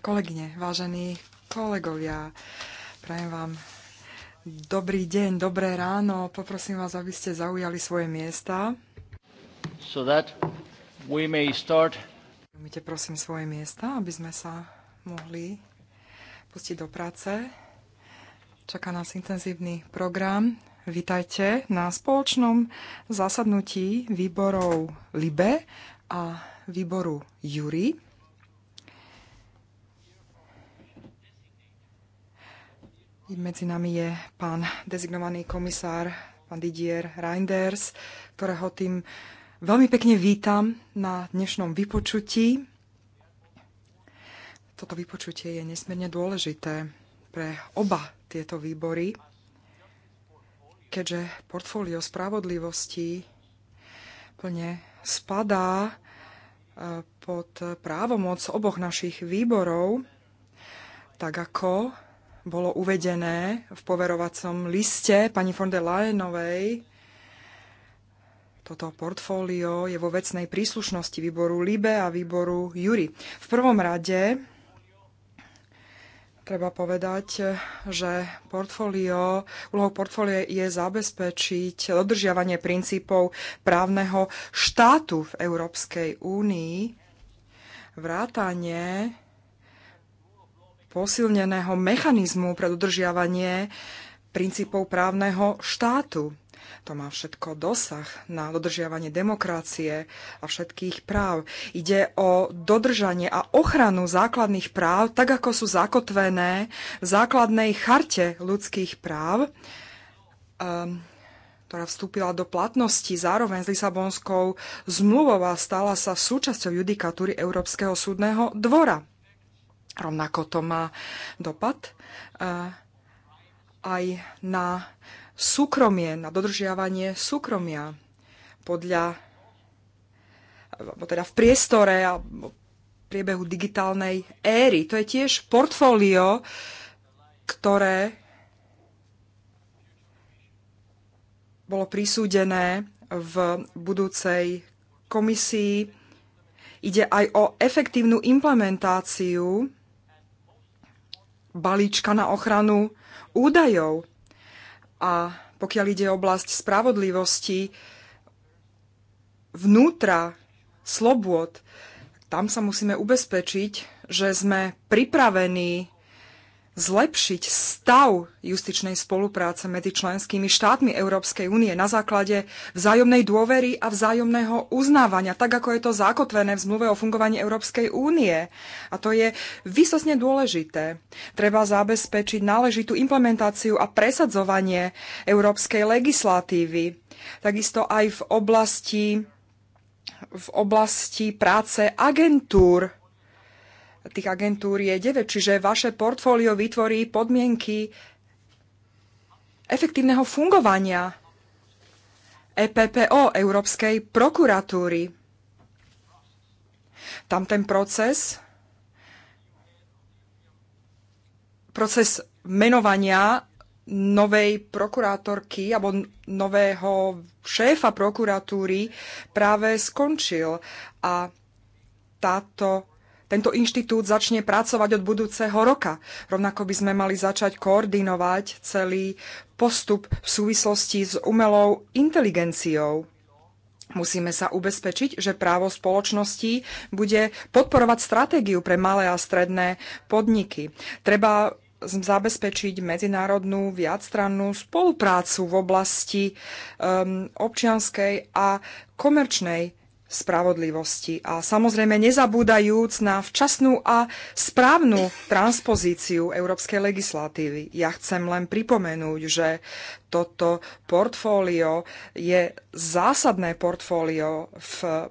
kolegyne, vážení kolegovia, prajem vám dobrý deň, dobré ráno. Poprosím vás, aby ste zaujali svoje miesta. So that we may start. Umite prosím svoje miesta, aby sme sa mohli pustiť do práce. Čaká nás intenzívny program. Vítajte na spoločnom zasadnutí výborov LIBE a výboru Jury. Medzi nami je pán dezignovaný komisár, pán Didier Reinders, ktorého tým veľmi pekne vítam na dnešnom vypočutí. Toto vypočutie je nesmierne dôležité pre oba tieto výbory, keďže portfólio spravodlivosti plne spadá e, pod právomoc oboch našich výborov, tak ako bolo uvedené v poverovacom liste pani von der Leyenovej. Toto portfólio je vo vecnej príslušnosti výboru LIBE a výboru JURY. V prvom rade treba povedať, že portfólio, úlohou portfólia je zabezpečiť dodržiavanie princípov právneho štátu v Európskej únii, vrátanie posilneného mechanizmu pre dodržiavanie princípov právneho štátu. To má všetko dosah na dodržiavanie demokracie a všetkých práv. Ide o dodržanie a ochranu základných práv, tak ako sú zakotvené v základnej charte ľudských práv, ehm, ktorá vstúpila do platnosti zároveň s Lisabonskou zmluvou a stala sa súčasťou judikatúry Európskeho súdneho dvora. Rovnako to má dopad e, aj na súkromie, na dodržiavanie súkromia podľa teda v priestore a priebehu digitálnej éry. To je tiež portfólio, ktoré bolo prisúdené v budúcej komisii. Ide aj o efektívnu implementáciu balíčka na ochranu údajov. A pokiaľ ide o oblasť spravodlivosti, vnútra, slobôd, tam sa musíme ubezpečiť, že sme pripravení zlepšiť stav justičnej spolupráce medzi členskými štátmi Európskej únie na základe vzájomnej dôvery a vzájomného uznávania, tak ako je to zakotvené v zmluve o fungovaní Európskej únie. A to je vysosne dôležité. Treba zabezpečiť náležitú implementáciu a presadzovanie európskej legislatívy. Takisto aj v oblasti v oblasti práce agentúr tých agentúr je 9, čiže vaše portfólio vytvorí podmienky efektívneho fungovania EPPO, Európskej prokuratúry. Tam ten proces, proces menovania novej prokurátorky alebo nového šéfa prokuratúry práve skončil a táto tento inštitút začne pracovať od budúceho roka. Rovnako by sme mali začať koordinovať celý postup v súvislosti s umelou inteligenciou. Musíme sa ubezpečiť, že právo spoločnosti bude podporovať stratégiu pre malé a stredné podniky. Treba zabezpečiť medzinárodnú viacstrannú spoluprácu v oblasti um, občianskej a komerčnej spravodlivosti a samozrejme nezabúdajúc na včasnú a správnu transpozíciu európskej legislatívy. Ja chcem len pripomenúť, že toto portfólio je zásadné portfólio, v,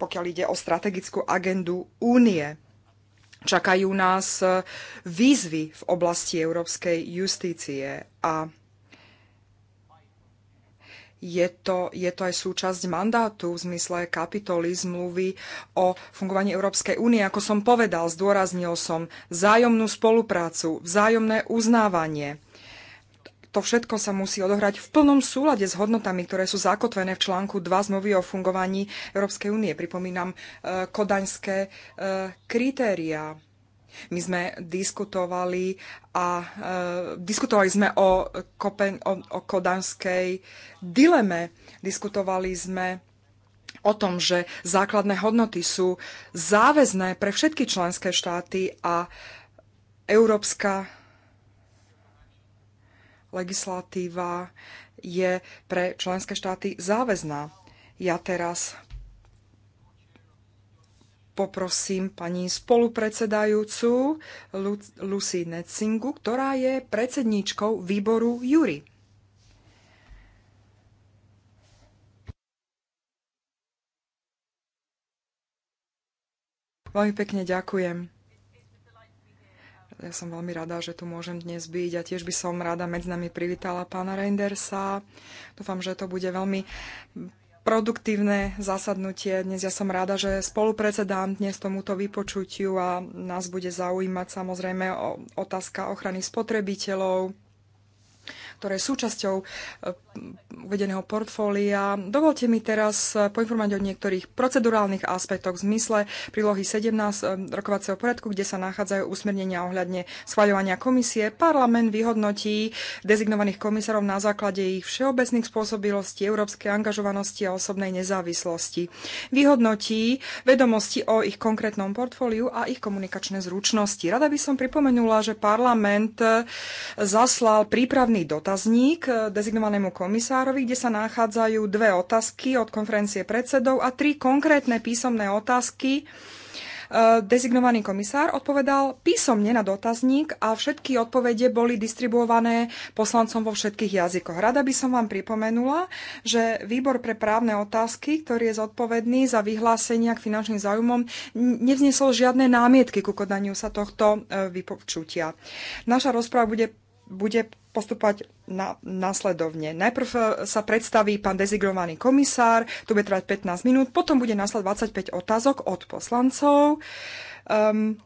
pokiaľ ide o strategickú agendu únie. Čakajú nás výzvy v oblasti európskej justície a je to, je to aj súčasť mandátu v zmysle kapitoly zmluvy o fungovaní Európskej únie. Ako som povedal, zdôraznil som vzájomnú spoluprácu, vzájomné uznávanie. To všetko sa musí odohrať v plnom súlade s hodnotami, ktoré sú zakotvené v článku 2 zmluvy o fungovaní Európskej únie. Pripomínam e, kodaňské e, kritériá. My sme diskutovali a e, diskutovali sme o, Kopen, o, o kodanskej dileme. Diskutovali sme o tom, že základné hodnoty sú záväzné pre všetky členské štáty a európska legislatíva je pre členské štáty záväzná. Ja teraz poprosím pani spolupredsedajúcu Lucy Netzingu, ktorá je predsedníčkou výboru Jury. Veľmi pekne ďakujem. Ja som veľmi rada, že tu môžem dnes byť a tiež by som rada medzi nami privítala pána Reindersa. Dúfam, že to bude veľmi produktívne zasadnutie. Dnes ja som rada, že spolupredsedám dnes tomuto vypočutiu a nás bude zaujímať samozrejme otázka ochrany spotrebiteľov, ktoré súčasťou e, uvedeného portfólia. Dovolte mi teraz eh, poinformovať o niektorých procedurálnych aspektoch v zmysle prílohy 17 eh, rokovacieho poriadku, kde sa nachádzajú usmernenia ohľadne schvaľovania komisie. Parlament vyhodnotí dezignovaných komisárov na základe ich všeobecných spôsobilostí, európskej angažovanosti a osobnej nezávislosti. Vyhodnotí vedomosti o ich konkrétnom portfóliu a ich komunikačné zručnosti. Rada by som pripomenula, že parlament eh, zaslal prípravný dotazník dezignovanému komisárovi komisárovi, kde sa nachádzajú dve otázky od konferencie predsedov a tri konkrétne písomné otázky. E, dezignovaný komisár odpovedal písomne na dotazník a všetky odpovede boli distribuované poslancom vo všetkých jazykoch. Rada by som vám pripomenula, že výbor pre právne otázky, ktorý je zodpovedný za vyhlásenia k finančným záujmom, nevznesol žiadne námietky ku kodaniu sa tohto e, vypočutia. Naša rozpráva bude bude postupovať na, následovne. Najprv e, sa predstaví pán dezigrovaný komisár, to bude trvať 15 minút, potom bude následovať 25 otázok od poslancov. Um,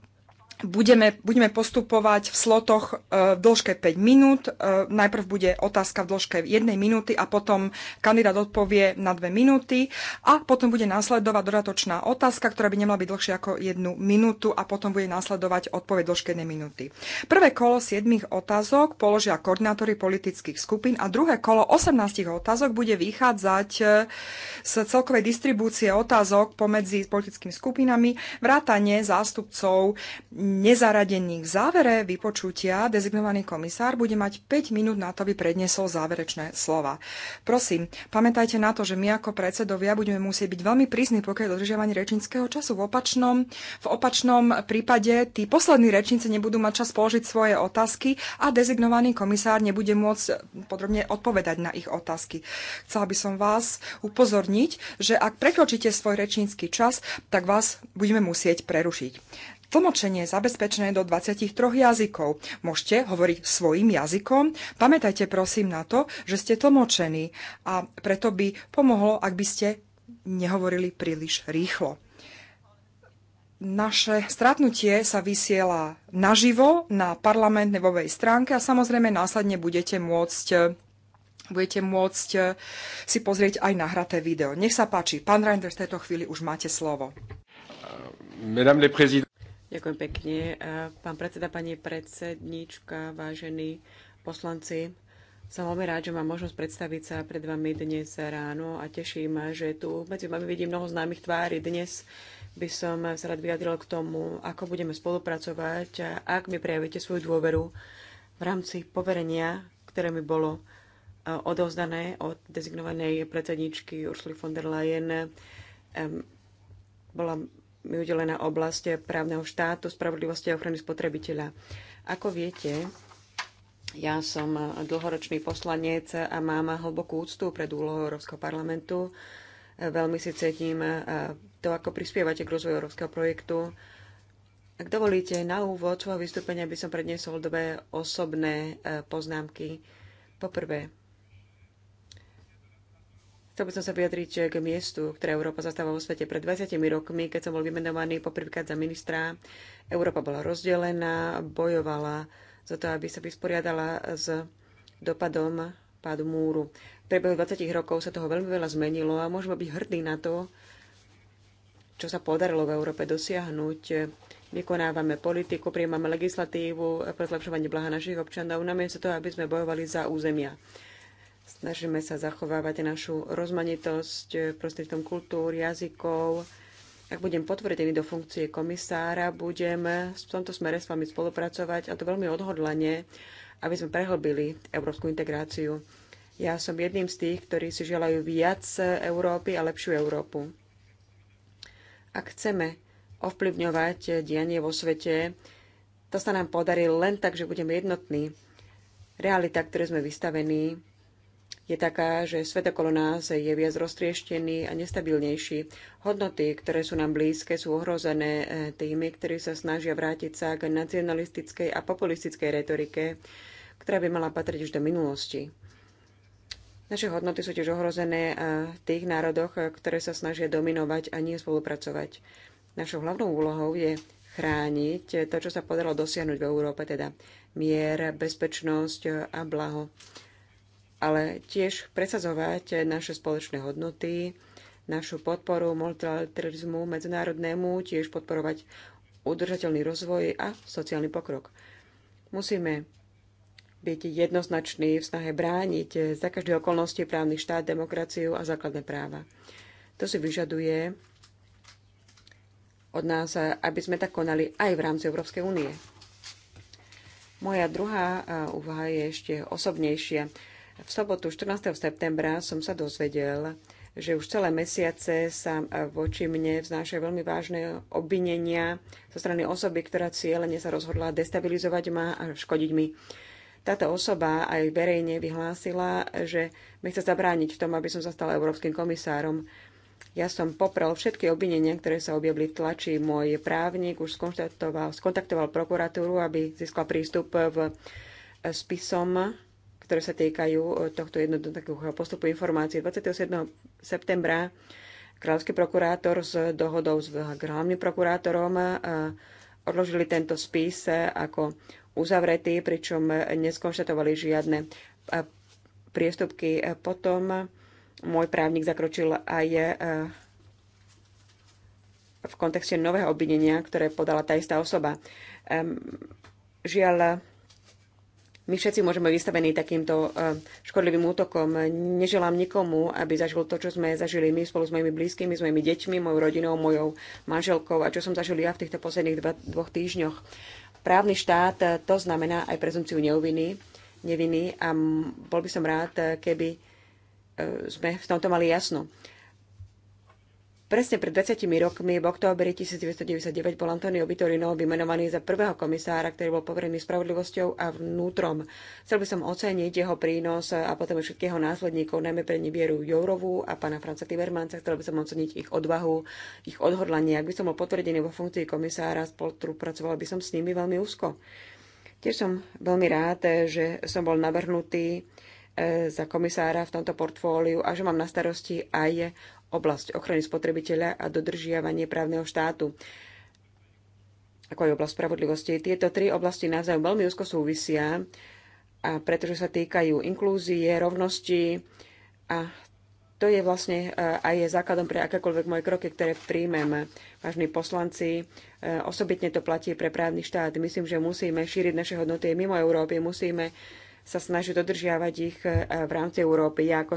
budeme, budeme postupovať v slotoch e, v dĺžke 5 minút. E, najprv bude otázka v dĺžke 1 minúty a potom kandidát odpovie na 2 minúty a potom bude následovať dodatočná otázka, ktorá by nemala byť dlhšia ako 1 minútu a potom bude následovať odpoveď v dĺžke 1 minúty. Prvé kolo 7 otázok položia koordinátory politických skupín a druhé kolo 18 otázok bude vychádzať e, z celkovej distribúcie otázok pomedzi politickými skupinami vrátane zástupcov nezaradených. V závere vypočutia dezignovaný komisár bude mať 5 minút na to, aby predniesol záverečné slova. Prosím, pamätajte na to, že my ako predsedovia budeme musieť byť veľmi prísni, pokiaľ dodržiavanie rečníckého času. V opačnom, v opačnom prípade tí poslední rečníci nebudú mať čas položiť svoje otázky a dezignovaný komisár nebude môcť eh, podrobne odpovedať na ich otázky. Chcela by som vás upozorniť, že ak prekročíte svoj rečnícky čas, tak vás budeme musieť prerušiť. Tlmočenie je zabezpečené do 23 jazykov. Môžete hovoriť svojim jazykom. Pamätajte prosím na to, že ste tlmočení a preto by pomohlo, ak by ste nehovorili príliš rýchlo. Naše stratnutie sa vysiela naživo na parlamentnej webovej stránke a samozrejme následne budete môcť budete môcť eh, si pozrieť aj nahraté video. Nech sa páči, pán Reinders, v tejto chvíli už máte slovo. Uh, Ďakujem pekne. Pán predseda, pani predsednička, vážení poslanci, som veľmi rád, že mám možnosť predstaviť sa pred vami dnes ráno a teší ma, že tu medzi vami vidím mnoho známych tvári. Dnes by som sa rád vyjadril k tomu, ako budeme spolupracovať a ak mi prejavíte svoju dôveru v rámci poverenia, ktoré mi bolo e, odovzdané od dezignovanej predsedničky Ursula von der Leyen. Bola mi udelená oblasť právneho štátu, spravodlivosti a ochrany spotrebiteľa. Ako viete, ja som dlhoročný poslanec a mám hlbokú úctu pred úlohou Európskeho parlamentu. Veľmi si cítim eh, to, ako prispievate k rozvoju európskeho projektu. Ak dovolíte, na úvod svojho vystúpenia by som predniesol dve osobné eh, poznámky. Poprvé, Chcel by som sa vyjadriť k miestu, ktoré Európa zastáva vo svete. Pred 20 rokmi, keď som bol vymenovaný poprvýkrát za ministra, Európa bola rozdelená, bojovala za to, aby sa vysporiadala s dopadom pádu múru. V priebehu 20 rokov sa toho veľmi veľa zmenilo a môžeme byť hrdí na to, čo sa podarilo v Európe dosiahnuť. Vykonávame politiku, prijímame legislatívu pre zlepšovanie blaha našich občanov, namiesto toho, aby sme bojovali za územia Snažíme sa zachovávať našu rozmanitosť prostredom kultúr, jazykov. Ak budem potvrdený do funkcie komisára, budem v tomto smere s vami spolupracovať a to veľmi odhodlane, aby sme prehlbili európsku integráciu. Ja som jedným z tých, ktorí si želajú viac Európy a lepšiu Európu. Ak chceme ovplyvňovať dianie vo svete, to sa nám podarí len tak, že budeme jednotní. Realita, ktoré sme vystavení, je taká, že svet okolo nás je viac roztrieštený a nestabilnejší. Hodnoty, ktoré sú nám blízke, sú ohrozené e, tými, ktorí sa snažia vrátiť sa k nacionalistickej a populistickej retorike, ktorá by mala patriť už do minulosti. Naše hodnoty sú tiež ohrozené e, v tých národoch, e, ktoré sa snažia dominovať a nie spolupracovať. Našou hlavnou úlohou je chrániť to, čo sa podalo dosiahnuť v Európe, teda mier, bezpečnosť a blaho ale tiež presadzovať naše spoločné hodnoty, našu podporu multilateralizmu medzinárodnému, tiež podporovať udržateľný rozvoj a sociálny pokrok. Musíme byť jednoznačný v snahe brániť za každé okolnosti právny štát, demokraciu a základné práva. To si vyžaduje od nás, aby sme tak konali aj v rámci Európskej únie. Moja druhá eh, úvaha je ešte osobnejšia v sobotu 14. septembra som sa dozvedel, že už celé mesiace sa voči mne vznášajú veľmi vážne obvinenia zo strany osoby, ktorá cieľene sa rozhodla destabilizovať ma a škodiť mi. Táto osoba aj verejne vyhlásila, že mi chce zabrániť v tom, aby som sa stala európskym komisárom. Ja som poprel všetky obvinenia, ktoré sa objavili v tlači. Môj právnik už skontaktoval prokuratúru, aby získal prístup v spisom ktoré sa týkajú e, tohto jednoduchého postupu informácie. 27. septembra kráľovský prokurátor s dohodou s hlavným prokurátorom e, odložili tento spis e, ako uzavretý, pričom neskonštatovali žiadne priestupky. Potom môj právnik zakročil aj v kontexte nového obvinenia, ktoré podala tá istá osoba. Žiaľ, my všetci môžeme vystavení takýmto eh, škodlivým útokom. Neželám nikomu, aby zažil to, čo sme zažili my spolu s mojimi blízkymi, s mojimi deťmi, mojou rodinou, mojou manželkou a čo som zažil ja v týchto posledných dva, dvoch týždňoch. Právny štát eh, to znamená aj prezumciu neuviny, neviny a bol by som rád, eh, keby sme v tomto mali jasno. Presne pred 20 rokmi v októbri 1999 bol Antonio Vitorino vymenovaný za prvého komisára, ktorý bol poverený spravodlivosťou a vnútrom. Chcel by som oceniť jeho prínos a potom všetkého následníkov, najmä pre Nibieru Jourovú a pána Franca Timmermansa. Chcel by som oceniť ich odvahu, ich odhodlanie. Ak by som bol potvrdený vo funkcii komisára, spolupracoval by som s nimi veľmi úzko. Tiež som veľmi rád, že som bol navrhnutý eh, za komisára v tomto portfóliu a že mám na starosti aj oblasť ochrany spotrebiteľa a dodržiavanie právneho štátu, ako aj oblasť spravodlivosti. Tieto tri oblasti navzájom veľmi úzko súvisia, a pretože sa týkajú inklúzie, rovnosti a to je vlastne e, aj základom pre akékoľvek moje kroky, ktoré príjmem. Vážni poslanci, e, osobitne to platí pre právny štát. Myslím, že musíme šíriť naše hodnoty mimo Európy, musíme sa snaží dodržiavať ich eh, v rámci Európy. Ja ako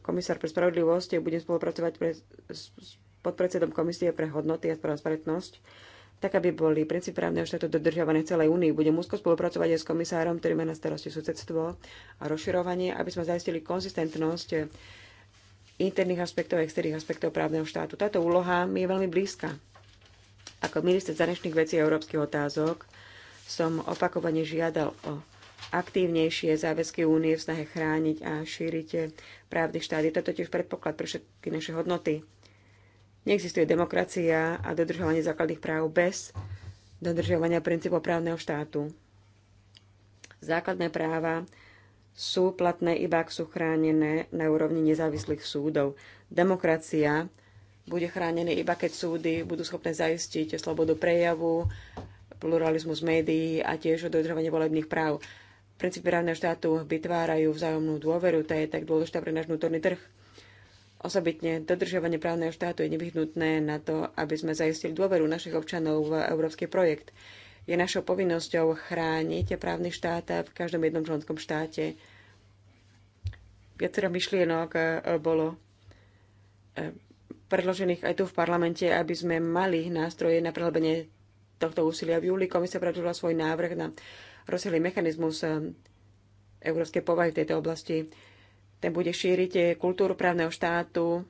komisár pre spravodlivosť budem spolupracovať pre, s podpredsedom Komisie pre hodnoty a transparentnosť, tak aby boli princípy právneho štátu dodržiavané v celej únii. Budem úzko spolupracovať aj s komisárom, ktorý má na starosti susedstvo a rozširovanie, aby sme zaistili konzistentnosť interných aspektov a externých aspektov právneho štátu. Táto úloha mi je veľmi blízka. Ako minister zahraničných vecí a európskych otázok som opakovane žiadal o aktívnejšie záväzky únie v snahe chrániť a šíriť právny štát. Je to totiž predpoklad pre všetky naše hodnoty. Neexistuje demokracia a dodržovanie základných práv bez dodržovania princípov právneho štátu. Základné práva sú platné iba ak sú chránené na úrovni nezávislých súdov. Demokracia bude chránená iba keď súdy budú schopné zaistiť slobodu prejavu, pluralizmus médií a tiež dodržovanie volebných práv princípy právneho štátu vytvárajú vzájomnú dôveru, tá je tak dôležitá pre náš vnútorný trh. Osobitne dodržiavanie právneho štátu je nevyhnutné na to, aby sme zaistili dôveru našich občanov v európsky projekt. Je našou povinnosťou chrániť právny štát v každom jednom členskom štáte. Viacero myšlienok eh, bolo eh, predložených aj tu v parlamente, aby sme mali nástroje na prehlbenie tohto úsilia. V júli komisia predložila svoj návrh na rozsiahlý mechanizmus eh, európskej povahy v tejto oblasti. Ten bude šíriť eh, kultúru právneho štátu,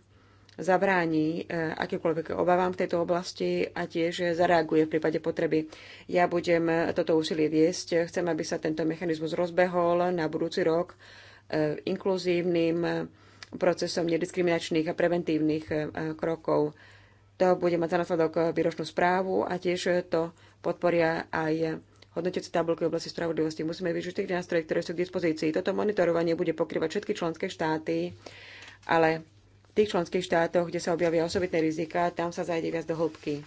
zabráni eh, akékoľvek obavám v tejto oblasti a tiež zareaguje v prípade potreby. Ja budem toto úsilie viesť. Chcem, aby sa tento mechanizmus rozbehol na budúci rok inkluzívnym procesom nediskriminačných a preventívnych krokov. To bude mať za následok výročnú správu a tiež to podporia aj hodnotiaci tabulky v oblasti spravodlivosti. Musíme využiť tých nástrojí, ktoré sú k dispozícii. Toto monitorovanie bude pokrývať všetky členské štáty, ale v tých členských štátoch, kde sa objavia osobitné rizika, tam sa zajde viac do hĺbky.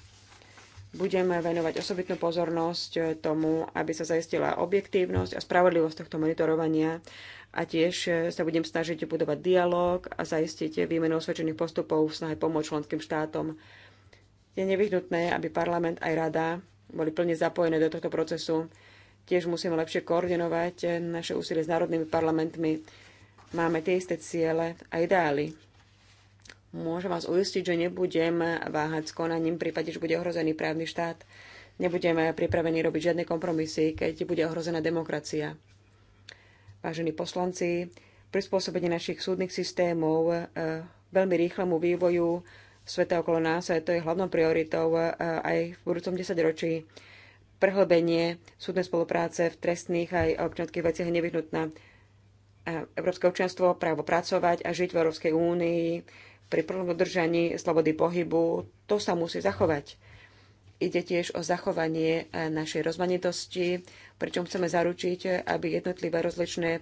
Budeme venovať osobitnú pozornosť tomu, aby sa zaistila objektívnosť a spravodlivosť tohto monitorovania a tiež sa budem snažiť budovať dialog a zaistiť výmenu osvedčených postupov v snahe pomôcť členským štátom. Je nevyhnutné, aby parlament aj rada boli plne zapojené do tohto procesu. Tiež musíme lepšie koordinovať naše úsilie s národnými parlamentmi. Máme tie isté ciele a ideály. Môžem vás uistiť, že nebudem váhať s konaním v prípade, že bude ohrozený právny štát. Nebudeme pripravení robiť žiadne kompromisy, keď bude ohrozená demokracia. Vážení poslanci, prispôsobenie našich súdnych systémov eh, veľmi rýchlemu vývoju sveta okolo nás. a To je hlavnou prioritou eh, aj v budúcom desaťročí. Prehlbenie súdnej spolupráce v trestných aj občianských veciach je nevyhnutná. Eh, Európske občianstvo, právo pracovať a žiť v Európskej únii pri prvom dodržaní slobody pohybu, to sa musí zachovať. Ide tiež o zachovanie eh, našej rozmanitosti, pričom chceme zaručiť, aby jednotlivé rozličné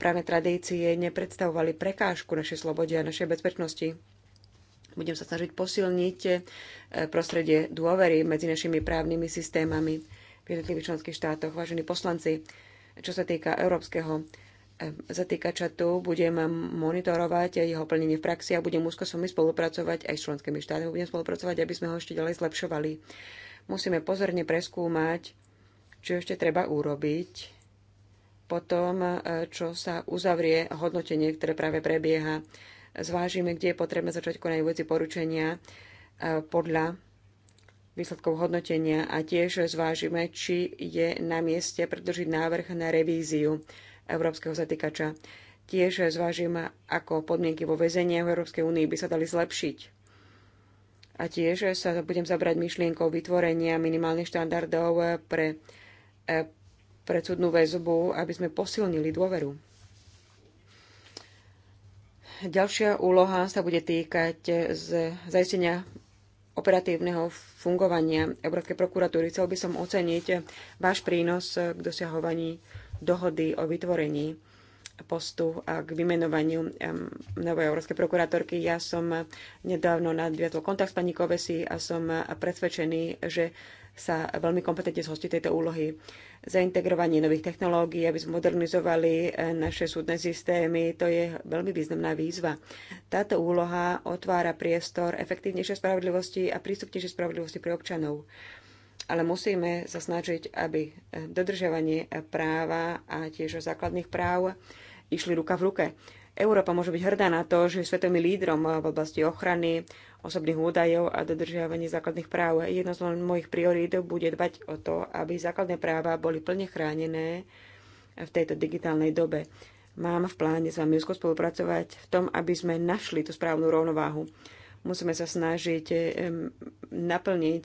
právne tradície nepredstavovali prekážku našej slobode a našej bezpečnosti. Budem sa snažiť posilniť e, prostredie dôvery medzi našimi právnymi systémami v jednotlivých členských štátoch. Vážení poslanci, čo sa týka európskeho e, zatýkača tu, budem monitorovať jeho plnenie v praxi a budem úzko s vami spolupracovať aj s členskými štátmi. Budem spolupracovať, aby sme ho ešte ďalej zlepšovali. Musíme pozorne preskúmať, čo ešte treba urobiť po tom, e, čo sa uzavrie hodnotenie, ktoré práve prebieha zvážime, kde je potrebné začať konať veci poručenia e, podľa výsledkov hodnotenia a tiež zvážime, či je na mieste predložiť návrh na revíziu európskeho zatýkača. Tiež zvážime, ako podmienky vo väzení v Európskej únii by sa dali zlepšiť. A tiež sa budem zabrať myšlienkou vytvorenia minimálnych štandardov pre, e, predsudnú väzbu, aby sme posilnili dôveru. Ďalšia úloha sa bude týkať z zaistenia operatívneho fungovania Európskej prokuratúry. Chcel by som oceniť váš prínos k dosahovaní dohody o vytvorení postu a k vymenovaniu novej európskej prokurátorky. Ja som nedávno nadviatol kontakt s pani Kovesi a som presvedčený, že sa veľmi kompetentne zhostiť tejto úlohy. Zaintegrovanie nových technológií, aby zmodernizovali eh, naše súdne systémy, to je veľmi významná výzva. Táto úloha otvára priestor efektívnejšej spravodlivosti a prístupnejšej spravodlivosti pre občanov. Ale musíme sa snažiť, aby eh, dodržiavanie práva a tiež základných práv išli ruka v ruke. Európa môže byť hrdá na to, že je svetovým lídrom v oblasti ochrany osobných údajov a dodržiavania základných práv. Jedno z mojich priorít bude dbať o to, aby základné práva boli plne chránené v tejto digitálnej dobe. Mám v pláne s vami úzko spolupracovať v tom, aby sme našli tú správnu rovnováhu. Musíme sa snažiť naplniť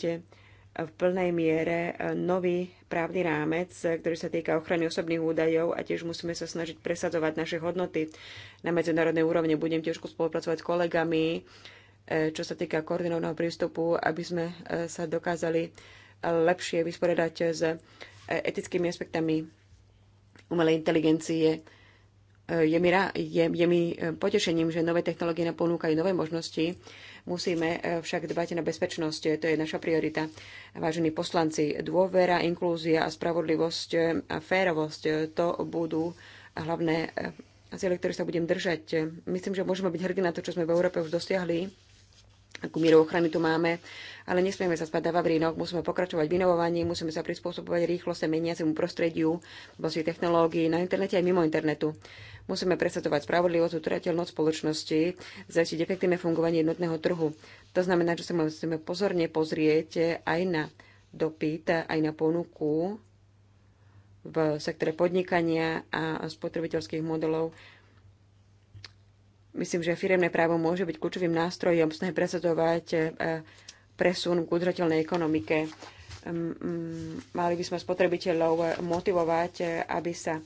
v plnej miere e, nový právny rámec, e, ktorý sa týka ochrany osobných údajov a tiež musíme sa snažiť presadzovať naše hodnoty na medzinárodnej úrovni. Budem tiež spolupracovať s kolegami, e, čo sa týka koordinovaného prístupu, aby sme sa dokázali lepšie vysporiadať s etickými aspektami umelej inteligencie je mi, je, je mi e, potešením, že nové technológie nám ponúkajú nové možnosti. Musíme e, však dbať na bezpečnosť, e, to je naša priorita. Vážení poslanci, dôvera, inklúzia a spravodlivosť a férovosť, to budú hlavné cieľe, ktoré sa budem držať. Myslím, že môžeme byť hrdí na to, čo sme v Európe už dosiahli akú mieru ochrany tu máme, ale nesmieme sa spadať v rínok, musíme pokračovať v inovovaní, musíme sa prispôsobovať rýchlo sa meniacemu prostrediu, vo technológií, na internete aj mimo internetu. Musíme presadzovať spravodlivosť, utrateľnosť spoločnosti, zajistiť efektívne fungovanie jednotného trhu. To znamená, že sa musíme pozorne pozrieť aj na dopyt, aj na ponuku v sektore podnikania a spotrebiteľských modelov Myslím, že firemné právo môže byť kľúčovým nástrojom snahy presadzovať e, presun k udržateľnej ekonomike. Mm, mali by sme spotrebiteľov motivovať, e, aby sa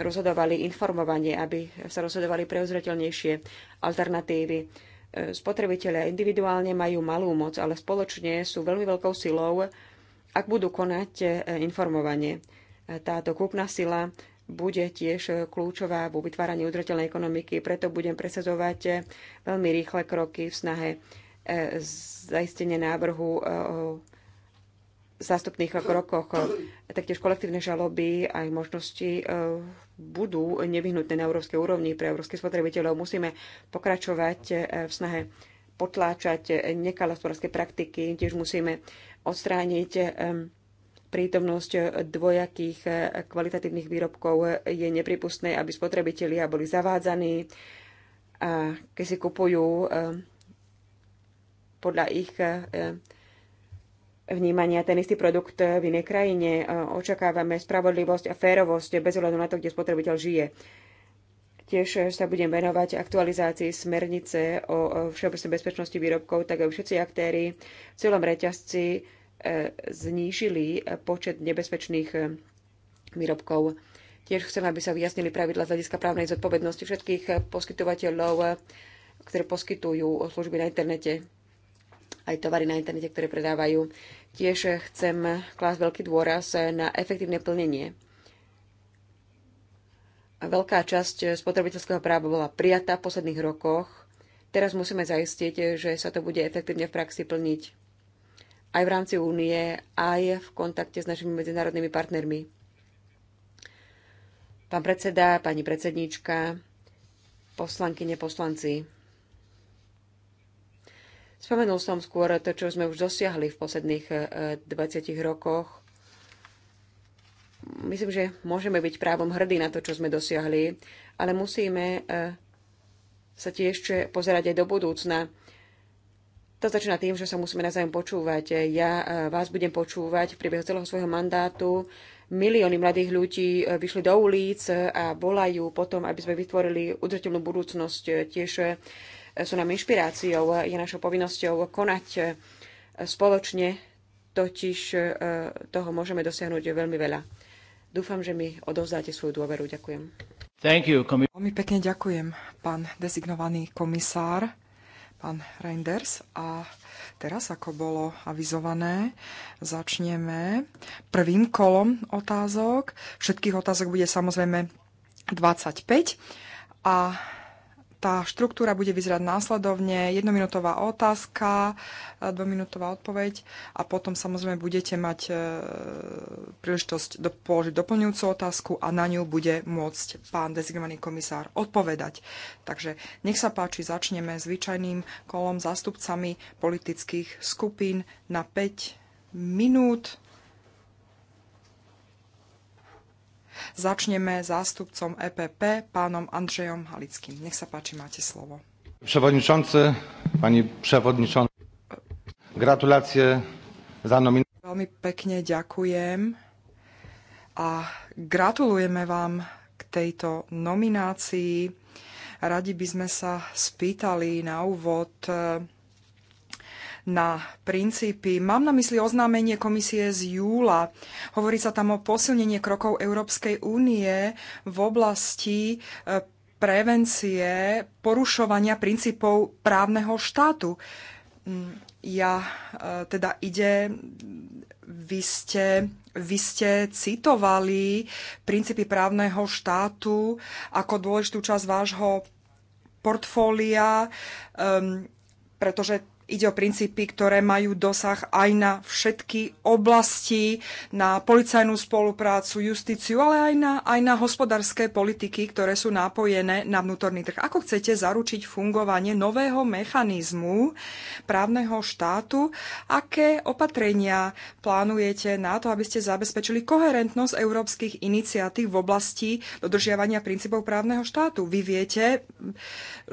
rozhodovali informovanie, aby sa rozhodovali pre uzrateľnejšie alternatívy. E, Spotrebitelia individuálne majú malú moc, ale spoločne sú veľmi veľkou silou, ak budú konať informovanie. Táto kúpna sila bude tiež e, kľúčová vo vytváraní udržateľnej ekonomiky, preto budem presadzovať e, veľmi rýchle kroky v snahe e, zaistenie návrhu o zástupných krokoch. Taktiež kolektívne žaloby aj možnosti budú nevyhnutné na európskej úrovni pre európskych spotrebiteľov. Musíme pokračovať v snahe potláčať nekalé hospodárske praktiky, tiež musíme odstrániť prítomnosť dvojakých eh, kvalitatívnych výrobkov je nepripustné, aby spotrebitelia boli zavádzaní a keď si kupujú eh, podľa ich eh, vnímania ten istý produkt v inej krajine. Očakávame spravodlivosť a férovosť bez ohľadu na to, kde spotrebiteľ žije. Tiež sa budem venovať aktualizácii smernice o všeobecnej bezpečnosti výrobkov, tak aj všetci aktéry v celom reťazci E, znížili počet nebezpečných e, výrobkov. Tiež chcem, aby sa vyjasnili pravidla z hľadiska právnej zodpovednosti všetkých e, poskytovateľov, ktoré poskytujú služby na internete, aj tovary na internete, ktoré predávajú. Tiež chcem klásť veľký dôraz na efektívne plnenie veľká časť spotrebiteľského práva bola prijatá v posledných rokoch. Teraz musíme zaistiť, že sa to bude efektívne v praxi plniť aj v rámci únie, aj v kontakte s našimi medzinárodnými partnermi. Pán predseda, pani predsedníčka, poslankyne, poslanci. Spomenul som skôr to, čo sme už dosiahli v posledných 20 eh, rokoch. Myslím, že môžeme byť právom hrdí na to, čo sme dosiahli, ale musíme eh, sa tiež pozerať aj do budúcna to začína tým, že sa musíme navzájom počúvať. Ja e, vás budem počúvať v priebehu celého svojho mandátu. Milióny mladých ľudí e, vyšli do ulic a volajú potom, aby sme vytvorili udržateľnú budúcnosť. E, tiež sú nám inšpiráciou, je našou povinnosťou konať spoločne, totiž toho môžeme dosiahnuť veľmi veľa. Dúfam, že mi odovzdáte svoju dôveru. Ďakujem. Thank you, Veľmi pekne ďakujem, pán dezignovaný komisár pán Reinders. A teraz, ako bolo avizované, začneme prvým kolom otázok. Všetkých otázok bude samozrejme 25. A tá štruktúra bude vyzerať následovne. Jednominútová otázka, e, dvominútová odpoveď a potom samozrejme budete mať e, príležitosť do, položiť doplňujúcu otázku a na ňu bude môcť pán dezignovaný komisár odpovedať. Takže nech sa páči, začneme zvyčajným kolom zástupcami politických skupín na 5 minút Začneme zástupcom EPP, pánom Andrzejom Halickým. Nech sa páči, máte slovo. Przewodniczący, pani przewodniczący, gratulacje za nominację. Veľmi pekne ďakujem a gratulujeme vám k tejto nominácii. Radi by sme sa spýtali na úvod, na princípy. Mám na mysli oznámenie komisie z júla. Hovorí sa tam o posilnenie krokov Európskej únie v oblasti eh, prevencie porušovania princípov právneho štátu. Mm, ja eh, teda ide, vy ste, vy ste citovali princípy právneho štátu ako dôležitú časť vášho portfólia, um, pretože Ide o princípy, ktoré majú dosah aj na všetky oblasti, na policajnú spoluprácu, justíciu, ale aj na, aj na hospodárske politiky, ktoré sú nápojené na vnútorný trh. Ako chcete zaručiť fungovanie nového mechanizmu právneho štátu? Aké opatrenia plánujete na to, aby ste zabezpečili koherentnosť európskych iniciatív v oblasti dodržiavania princípov právneho štátu? Vy viete,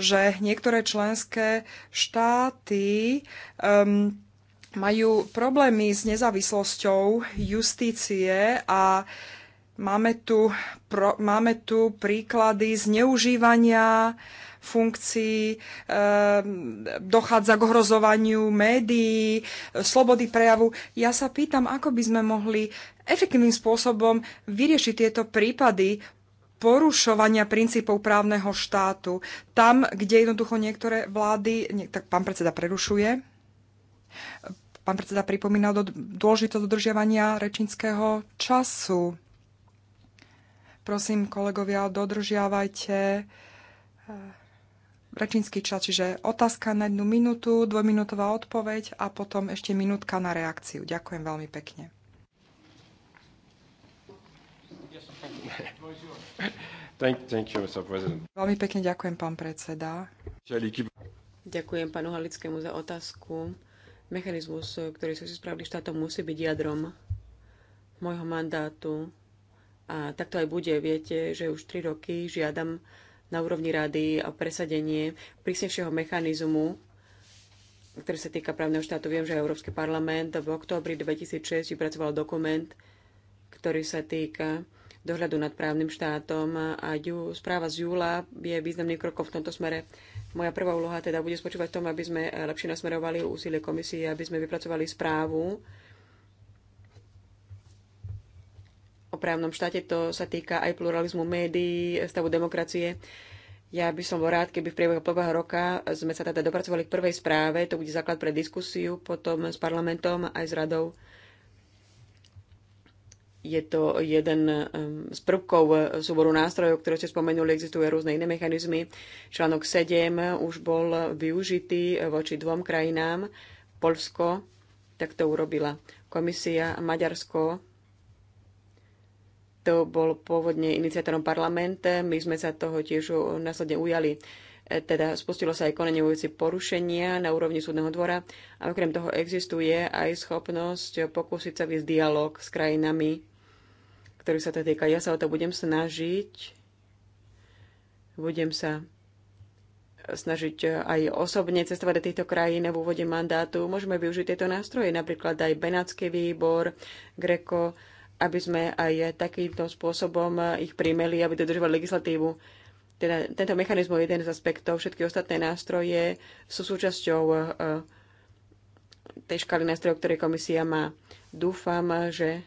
že niektoré členské štáty um, majú problémy s nezávislosťou justície a máme tu, pro, máme tu príklady zneužívania funkcií, e, dochádza k ohrozovaniu médií, slobody prejavu. Ja sa pýtam, ako by sme mohli efektívnym spôsobom vyriešiť tieto prípady porušovania princípov právneho štátu. Tam, kde jednoducho niektoré vlády, tak pán predseda prerušuje, pán predseda pripomínal dôležitosť dodržiavania rečníckého času. Prosím, kolegovia, dodržiavajte eh, rečnícky čas, čiže otázka na jednu minútu, dvojminútová odpoveď a potom ešte minútka na reakciu. Ďakujem veľmi pekne. Yes, Thank, thank you, Veľmi pekne ďakujem, pán predseda. Ďakujem pánu Halickému za otázku. Mechanizmus, ktorý sú si spravili štátom musí byť jadrom môjho mandátu. A takto aj bude. Viete, že už 3 roky žiadam na úrovni rady a presadenie prísnejšieho mechanizmu, ktorý sa týka právneho štátu. Viem, že Európsky parlament v oktobri 2006 vypracoval dokument, ktorý sa týka dohľadu nad právnym štátom a ju, správa z júla je významným krokom v tomto smere. Moja prvá úloha teda bude spočívať v tom, aby sme lepšie nasmerovali úsilie komisie, aby sme vypracovali správu o právnom štáte. To sa týka aj pluralizmu médií, stavu demokracie. Ja by som bol rád, keby v priebehu prvého roka sme sa teda dopracovali k prvej správe. To bude základ pre diskusiu potom s parlamentom aj s radou je to jeden z prvkov súboru nástrojov, ktoré ste spomenuli. Existujú rôzne iné mechanizmy. Článok 7 už bol využitý voči dvom krajinám. Polsko tak to urobila. Komisia Maďarsko to bol pôvodne iniciátorom parlamente. My sme sa toho tiež následne ujali. E, teda spustilo sa aj konanie veci porušenia na úrovni súdneho dvora a okrem toho existuje aj schopnosť pokúsiť sa viesť dialog s krajinami ktorý sa to týka. Ja sa o to budem snažiť. Budem sa snažiť eh, aj osobne cestovať do týchto krajín v úvode mandátu. Môžeme využiť tieto nástroje, napríklad aj Benátsky výbor, Greko, aby sme aj takýmto spôsobom eh, ich primeli, aby dodržovali legislatívu. Teda, tento mechanizmus je jeden z aspektov, všetky ostatné nástroje sú súčasťou eh, tej škály nástrojov, ktoré komisia má. Dúfam, že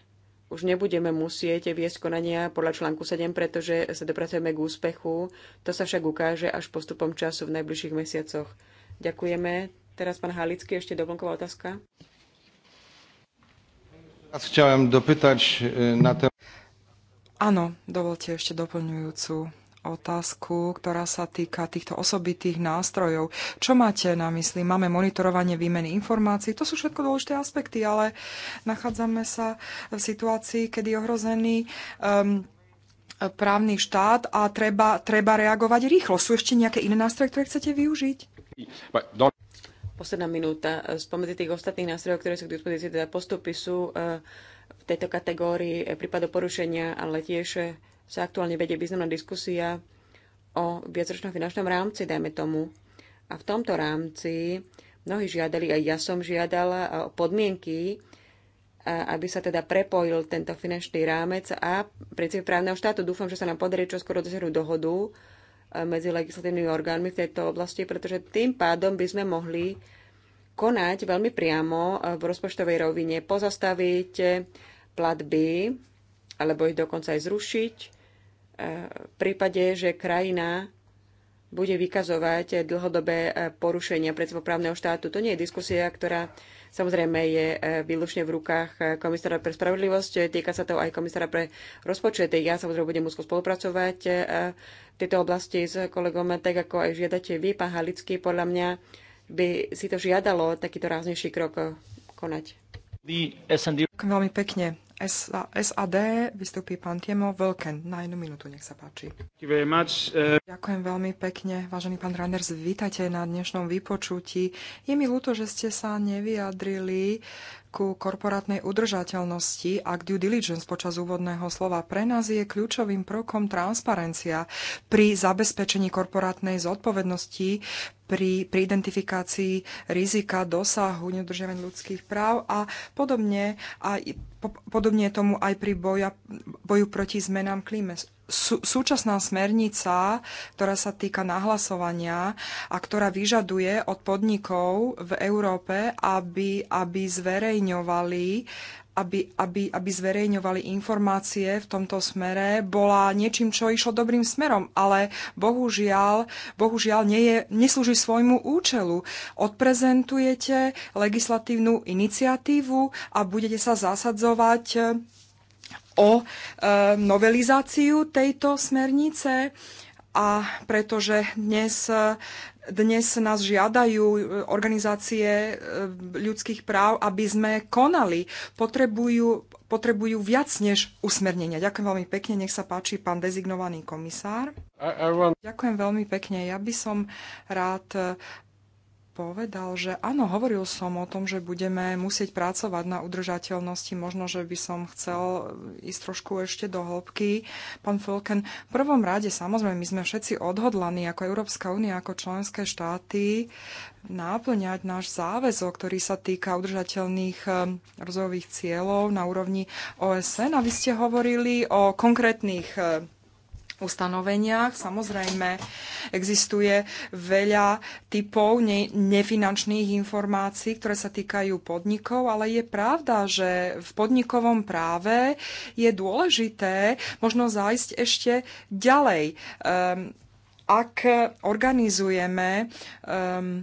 už nebudeme musieť viesť konania podľa článku 7, pretože sa dopracujeme k úspechu. To sa však ukáže až postupom času v najbližších mesiacoch. Ďakujeme. Teraz pán Halický, ešte doplnková otázka. Teraz chcem dopýtať e, na ten... Áno, dovolte ešte doplňujúcu otázku, ktorá sa týka týchto osobitých nástrojov. Čo máte na mysli? Máme monitorovanie výmeny informácií. To sú všetko dôležité aspekty, ale nachádzame sa v situácii, kedy je ohrozený um, právny štát a treba, treba reagovať rýchlo. Sú ešte nejaké iné nástroje, ktoré chcete využiť? Posledná minúta. Spomedzi tých ostatných nástrojov, ktoré sú k dispozícii, teda postupy sú eh, v tejto kategórii eh, prípadov porušenia, ale tiež eh, sa aktuálne vedie významná diskusia o viacročnom finančnom rámci, dajme tomu. A v tomto rámci mnohí žiadali, aj ja som žiadala, o podmienky, aby sa teda prepojil tento finančný rámec a princíp právneho štátu. Dúfam, že sa nám podarí čoskoro dosiahnuť dohodu e, medzi legislatívnymi orgánmi v tejto oblasti, pretože tým pádom by sme mohli konať veľmi priamo e, v rozpočtovej rovine, pozastaviť platby alebo ich dokonca aj zrušiť E, v prípade, že krajina bude vykazovať dlhodobé e, porušenia právneho štátu. To nie je diskusia, ktorá samozrejme je e, výlučne v rukách komisára pre spravodlivosť. Týka sa to aj komisára pre rozpočet. Ja samozrejme budem úzko spolupracovať v tejto oblasti s kolegom, tak ako aj žiadate vy, pán Halický. Podľa mňa by si to žiadalo takýto ráznejší krok konať. Veľmi pekne. SAD vystúpi pán Tiemo Vlken. Na jednu minútu, nech sa páči. Eh. Ďakujem veľmi pekne, vážený pán Randers. Vítajte na dnešnom vypočutí. Je mi ľúto, že ste sa nevyjadrili ku korporátnej udržateľnosti a k due diligence počas úvodného slova. Pre nás je kľúčovým prokom transparencia pri zabezpečení korporátnej zodpovednosti pri, pri identifikácii rizika, dosahu, nedržiavania ľudských práv a podobne. A podobne tomu aj pri boja, boju proti zmenám klíme sú, súčasná smernica, ktorá sa týka nahlasovania a ktorá vyžaduje od podnikov v Európe, aby, aby zverejňovali aby, aby, aby zverejňovali informácie v tomto smere, bola niečím, čo išlo dobrým smerom, ale bohužiaľ, bohužiaľ nie je, neslúži svojmu účelu. Odprezentujete legislatívnu iniciatívu a budete sa zasadzovať o e, novelizáciu tejto smernice a pretože dnes, e, dnes nás žiadajú e, organizácie ľudských práv, aby sme konali. Potrebujú, potrebujú viac než usmernenia. Ďakujem veľmi pekne, nech sa páči pán dezignovaný komisár. I, I want... Ďakujem veľmi pekne. Ja by som rád povedal, že áno, hovoril som o tom, že budeme musieť pracovať na udržateľnosti. Možno, že by som chcel ísť trošku ešte do hĺbky. Pán Fulken, v prvom rade, samozrejme, my sme všetci odhodlaní ako Európska únia, ako členské štáty náplňať náš záväzok, ktorý sa týka udržateľných eh, rozvojových cieľov na úrovni OSN. A vy ste hovorili o konkrétnych eh, ustanoveniach. Samozrejme, existuje veľa typov ne- nefinančných informácií, ktoré sa týkajú podnikov, ale je pravda, že v podnikovom práve je dôležité možno zájsť ešte ďalej. Um, ak organizujeme um,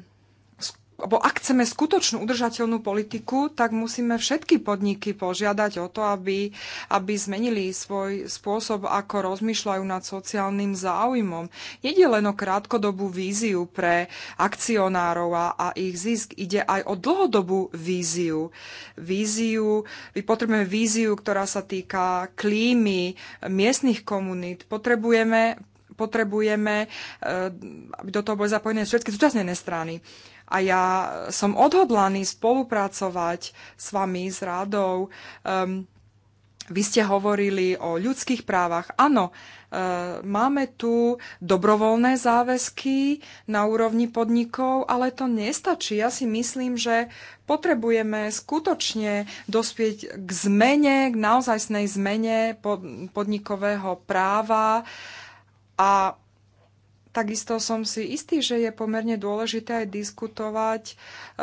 lebo ak chceme skutočnú udržateľnú politiku, tak musíme všetky podniky požiadať o to, aby, aby zmenili svoj spôsob, ako rozmýšľajú nad sociálnym záujmom. Nede len o krátkodobú víziu pre akcionárov a, a ich zisk, ide aj o dlhodobú víziu. Víziu, my potrebujeme víziu, ktorá sa týka klímy, miestnych komunít, potrebujeme potrebujeme, eh, aby do toho boli zapojené všetky súčasnené strany a ja som odhodlaný spolupracovať s vami, s radou. Um, ehm, vy ste hovorili o ľudských právach. Áno, e, máme tu dobrovoľné záväzky na úrovni podnikov, ale to nestačí. Ja si myslím, že potrebujeme skutočne dospieť k zmene, k naozajstnej zmene podnikového práva a Takisto som si istý, že je pomerne dôležité aj diskutovať e,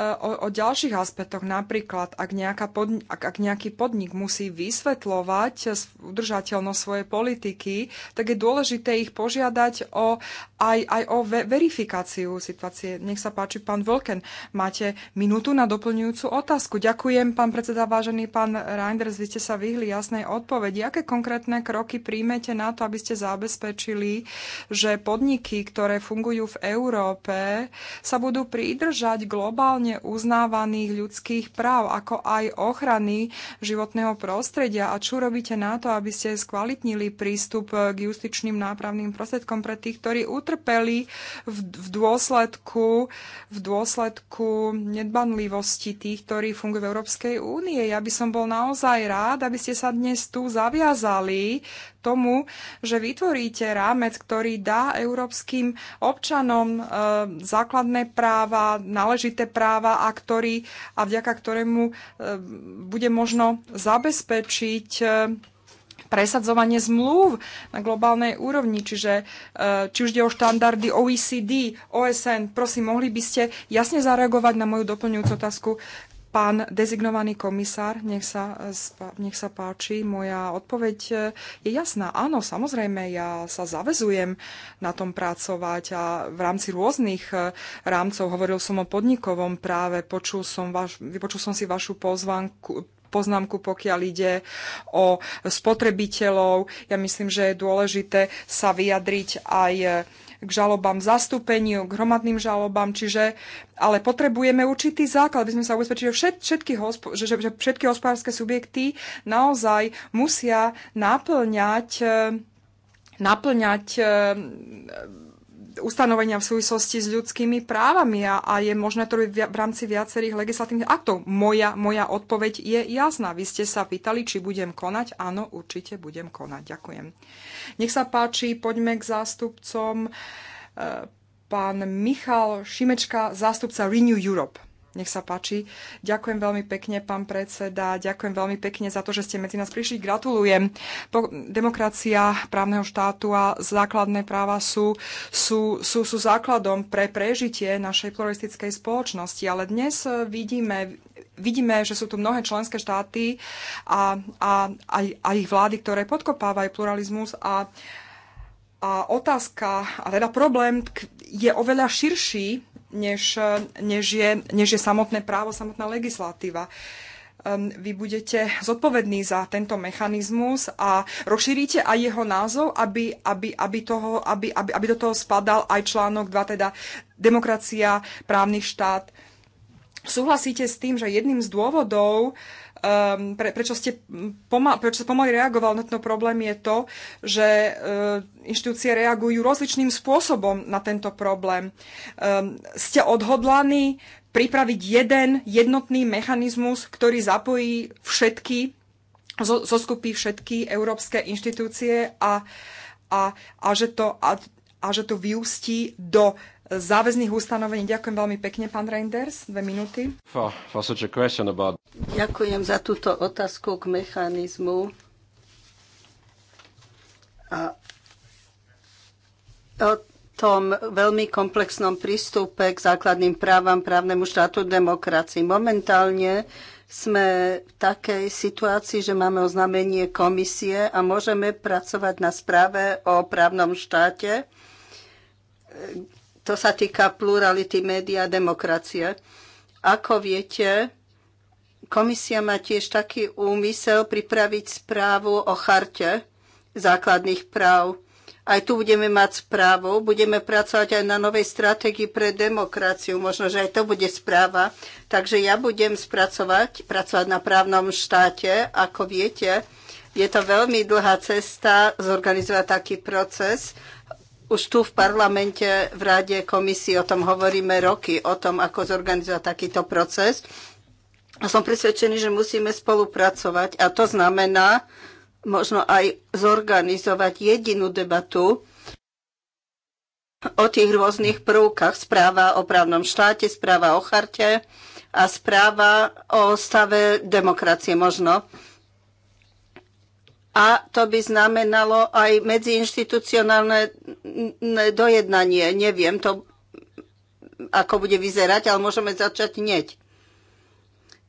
o, o ďalších aspektoch. Napríklad, ak, nejaká ak, ak nejaký podnik musí vysvetľovať udržateľnosť svojej politiky, tak je dôležité ich požiadať o, aj, aj o verifikáciu situácie. Nech sa páči, pán Volken, máte minútu na doplňujúcu otázku. Ďakujem, pán predseda, vážený pán Reinders, vy ste sa vyhli jasnej odpovedi. Aké konkrétne kroky príjmete na to, aby ste zabezpečili, že podniky ktoré fungujú v Európe, sa budú pridržať globálne uznávaných ľudských práv, ako aj ochrany životného prostredia. A čo robíte na to, aby ste skvalitnili prístup k justičným nápravným prostriedkom pre tých, ktorí utrpeli v, v, dôsledku, v dôsledku nedbanlivosti tých, ktorí fungujú v Európskej únie? Ja by som bol naozaj rád, aby ste sa dnes tu zaviazali tomu, že vytvoríte rámec, ktorý dá Európskej všetkým občanom e, základné práva, náležité práva a, ktorý, a vďaka ktorému e, bude možno zabezpečiť e, presadzovanie zmluv na globálnej úrovni, čiže či už ide o štandardy OECD, OSN, prosím, mohli by ste jasne zareagovať na moju doplňujúcu otázku Pán dezignovaný komisár, nech sa, nech sa páči, moja odpoveď je jasná. Áno, samozrejme, ja sa zavezujem na tom pracovať a v rámci rôznych eh, rámcov, hovoril som o podnikovom práve, počul som vaš, vypočul som si vašu pozvanku, poznámku, pokiaľ ide o spotrebiteľov. Ja myslím, že je dôležité sa vyjadriť aj eh, k žalobám v zastúpení, k hromadným žalobám, čiže ale potrebujeme určitý základ, aby sme sa ubezpečili, že, všetky, že, že, že všetky hospodárske subjekty naozaj musia naplňať eh, naplňať eh, ustanovenia v súvislosti s ľudskými právami a, a je možné to v rámci viacerých legislatívnych aktov. Moja, moja odpoveď je jasná. Vy ste sa pýtali, či budem konať. Áno, určite budem konať. Ďakujem. Nech sa páči, poďme k zástupcom. Eh, pán Michal Šimečka, zástupca Renew Europe. Nech sa páči. Ďakujem veľmi pekne, pán predseda. Ďakujem veľmi pekne za to, že ste medzi nás prišli. Gratulujem. Demokracia právneho štátu a základné práva sú, sú, sú, sú základom pre prežitie našej pluralistickej spoločnosti. Ale dnes vidíme, vidíme že sú tu mnohé členské štáty a, a, a, a ich vlády, ktoré podkopávajú pluralizmus a a otázka, a teda problém je oveľa širší než, než, je, než je samotné právo, samotná legislatíva. Ehm, vy budete zodpovední za tento mechanizmus a rozšírite aj jeho názov, aby, aby, aby, toho, aby, aby, aby do toho spadal aj článok 2, teda demokracia, právny štát. Súhlasíte s tým, že jedným z dôvodov, uh, um, pre, prečo, ste pomal, prečo sa pomaly reagoval na tento problém, je to, že uh, inštitúcie reagujú rozličným spôsobom na tento problém. Um, ste odhodlaní pripraviť jeden jednotný mechanizmus, ktorý zapojí všetky, zo, zoskupí všetky európske inštitúcie a, a, a, že, to, a, a že to vyústí do záväzných ustanovení. Ďakujem veľmi pekne, pán Reinders. Dve minúty. For, for about... Ďakujem za túto otázku k mechanizmu. A o tom veľmi komplexnom prístupe k základným právam, právnemu štátu, demokracii. Momentálne sme v takej situácii, že máme oznámenie komisie a môžeme pracovať na správe o právnom štáte, to sa týka plurality médií a demokracie. Ako viete, komisia má tiež taký úmysel pripraviť správu o charte základných práv. Aj tu budeme mať správu, budeme pracovať aj na novej stratégii pre demokraciu, možno, že aj to bude správa. Takže ja budem spracovať, pracovať na právnom štáte, ako viete. Je to veľmi dlhá cesta zorganizovať taký proces, už tu v parlamente, v rade, komisii o tom hovoríme roky, o tom, ako zorganizovať takýto proces. A som presvedčený, že musíme spolupracovať a to znamená možno aj zorganizovať jedinú debatu o tých rôznych prvkách. Správa o právnom štáte, správa o charte a správa o stave demokracie možno a to by znamenalo aj medziinstitucionálne dojednanie. Neviem to, ako bude vyzerať, ale môžeme začať hneď.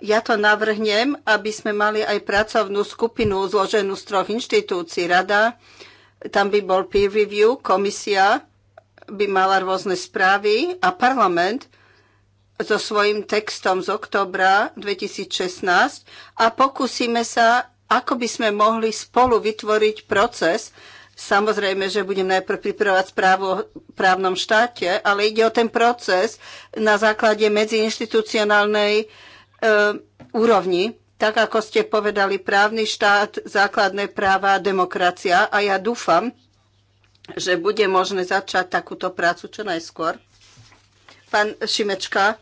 Ja to navrhnem, aby sme mali aj pracovnú skupinu zloženú z troch inštitúcií. Rada, tam by bol peer review, komisia by mala rôzne správy a parlament so svojím textom z oktobra 2016 a pokúsime sa ako by sme mohli spolu vytvoriť proces. Samozrejme, že budem najprv pripravovať správu o právnom štáte, ale ide o ten proces na základe medziinstitucionálnej e, úrovni, tak ako ste povedali, právny štát, základné práva a demokracia. A ja dúfam, že bude možné začať takúto prácu čo najskôr. Pán Šimečka,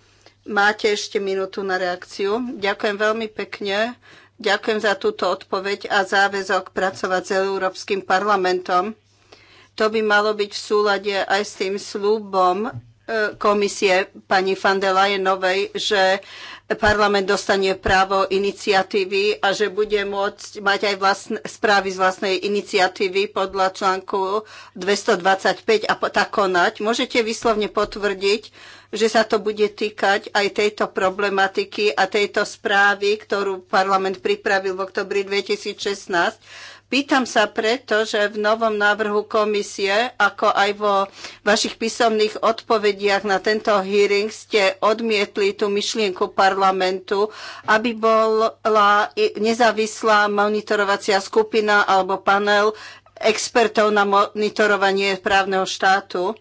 máte ešte minútu na reakciu. Ďakujem veľmi pekne. Ďakujem za túto odpoveď a záväzok pracovať s Európskym parlamentom. To by malo byť v súlade aj s tým slúbom e, komisie pani van der Leyenovej, že parlament dostane právo iniciatívy a že bude môcť mať aj vlastne, správy z vlastnej iniciatívy podľa článku 225 a tak konať. Môžete vyslovne potvrdiť, že sa to bude týkať aj tejto problematiky a tejto správy, ktorú parlament pripravil v oktobri 2016. Pýtam sa preto, že v novom návrhu komisie, ako aj vo vašich písomných odpovediach na tento hearing ste odmietli tú myšlienku parlamentu, aby bola nezávislá monitorovacia skupina alebo panel expertov na monitorovanie právneho štátu.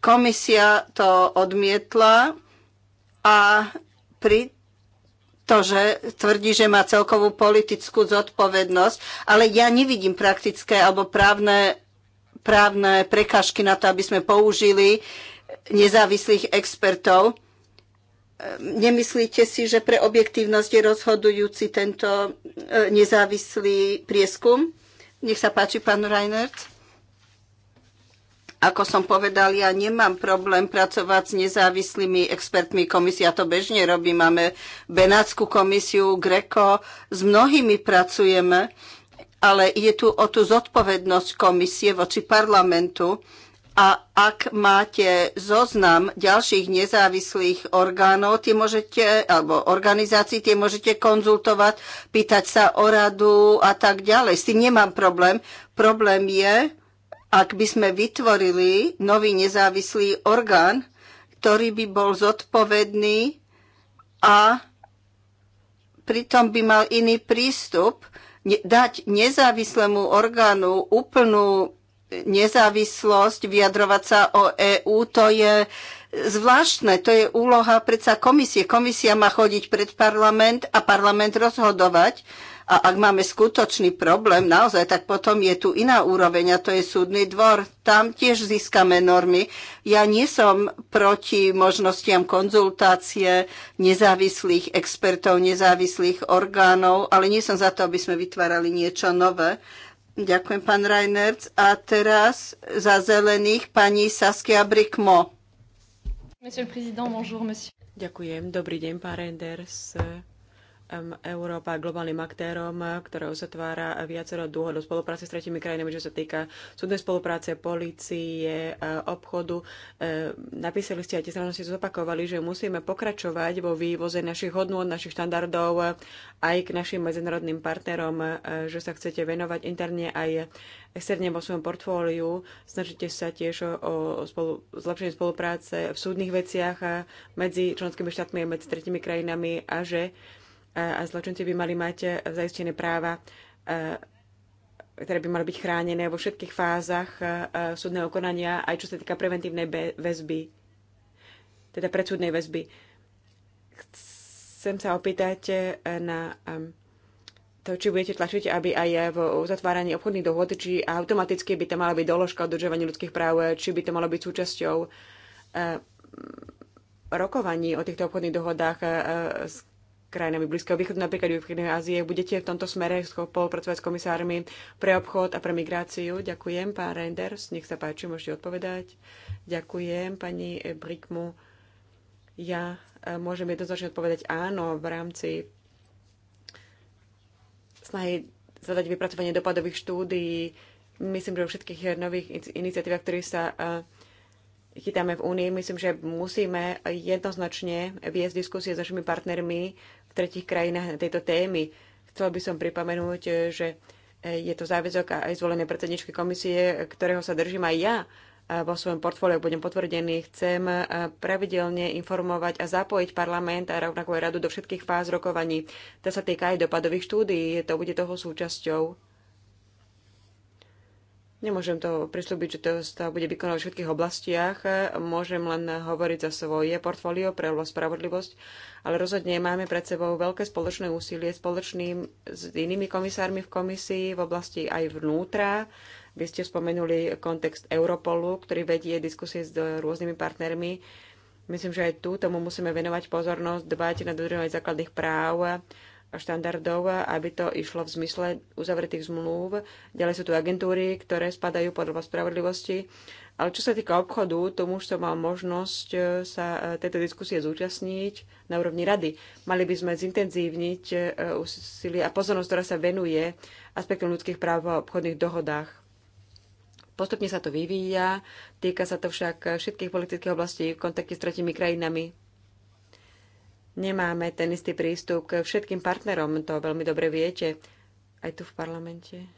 Komisia to odmietla a pri to, že tvrdí, že má celkovú politickú zodpovednosť, ale ja nevidím praktické alebo právne, právne prekažky na to, aby sme použili nezávislých expertov. Nemyslíte si, že pre objektívnosť je rozhodujúci tento e, nezávislý prieskum? Nech sa páči, pán Reinert. Ako som povedal, ja nemám problém pracovať s nezávislými expertmi. Komisia to bežne robím. Máme Benátsku komisiu, Greko. S mnohými pracujeme, ale je tu o tú zodpovednosť komisie voči parlamentu. A ak máte zoznam ďalších nezávislých orgánov, tie môžete, alebo organizácií, tie môžete konzultovať, pýtať sa o radu a tak ďalej. S tým nemám problém. Problém je, ak by sme vytvorili nový nezávislý orgán, ktorý by bol zodpovedný a pritom by mal iný prístup, dať nezávislému orgánu úplnú nezávislosť, vyjadrovať sa o EÚ, to je zvláštne. To je úloha predsa komisie. Komisia má chodiť pred parlament a parlament rozhodovať. A ak máme skutočný problém naozaj, tak potom je tu iná úroveň a to je súdny dvor. Tam tiež získame normy. Ja nie som proti možnostiam konzultácie nezávislých expertov, nezávislých orgánov, ale nie som za to, aby sme vytvárali niečo nové. Ďakujem, pán Reinerc. A teraz za zelených pani Saskia Brikmo. Monsieur le Président, bonjour, monsieur. Ďakujem. Dobrý deň, pán Reinders. Európa globálnym aktérom, ktorého zatvára viacero dôvodov spolupráce s tretimi krajinami, čo sa týka súdnej spolupráce, polície, e, obchodu. E, napísali ste aj tie strany, zopakovali, že musíme pokračovať vo vývoze našich hodnôt, našich štandardov e, aj k našim medzinárodným partnerom, že sa chcete venovať interne aj externe vo svojom portfóliu. Snažíte sa tiež o spolu, zlepšenie spolupráce v súdnych veciach medzi členskými štátmi a medzi tretimi krajinami a že a zločinci by mali mať e, zaistené práva, e, ktoré by mali byť chránené vo všetkých fázach e, súdneho konania, aj čo sa týka preventívnej väzby, teda predsúdnej väzby. Chcem sa opýtať na to, či budete tlačiť, aby aj v uzatváraní obchodných dohôd, či automaticky by to mala byť doložka o dodržovaní ľudských práv, či by to malo byť súčasťou rokovaní o týchto obchodných dohodách s krajinami Blízkeho východu, napríklad Východnej Ázie. Budete v tomto smere spolupracovať s komisármi pre obchod a pre migráciu. Ďakujem, pán Reinders. Nech sa páči, môžete odpovedať. Ďakujem, pani Brikmu. Ja e, môžem jednoznačne odpovedať áno v rámci snahy zadať vypracovanie dopadových štúdií. Myslím, že vo všetkých nových iniciatívach, ktoré sa e, chytáme v Únii, myslím, že musíme jednoznačne viesť diskusie s našimi partnermi tretich krajinách na tejto témy. Chcel by som pripomenúť, že je to záväzok aj zvolené predsedničky komisie, ktorého sa držím aj ja vo svojom portfóliu, budem potvrdený. Chcem pravidelne informovať a zapojiť parlament a rovnako aj radu do všetkých fáz rokovaní. To sa týka aj dopadových štúdií, to bude toho súčasťou Nemôžem to prislúbiť, že to bude vykonávať v všetkých oblastiach. Môžem len hovoriť za svoje portfólio pre spravodlivosť, ale rozhodne máme pred sebou veľké spoločné úsilie spoločným s inými komisármi v komisii v oblasti aj vnútra. Vy ste spomenuli kontext Europolu, ktorý vedie diskusie s rôznymi partnermi. Myslím, že aj tu tomu musíme venovať pozornosť, dbať na dodržovanie základných práv štandardov, aby to išlo v zmysle uzavretých zmluv. Ďalej sú tu agentúry, ktoré spadajú pod spravodlivosti. Ale čo sa týka obchodu, tomu už som mal možnosť e, sa e, tejto diskusie zúčastniť na úrovni rady. Mali by sme zintenzívniť e, úsilie a pozornosť, ktorá sa venuje aspektom ľudských práv v obchodných dohodách. Postupne sa to vyvíja, týka sa to však všetkých politických oblastí v kontakte s tretimi krajinami nemáme ten istý prístup k všetkým partnerom. To veľmi dobre viete aj tu v parlamente.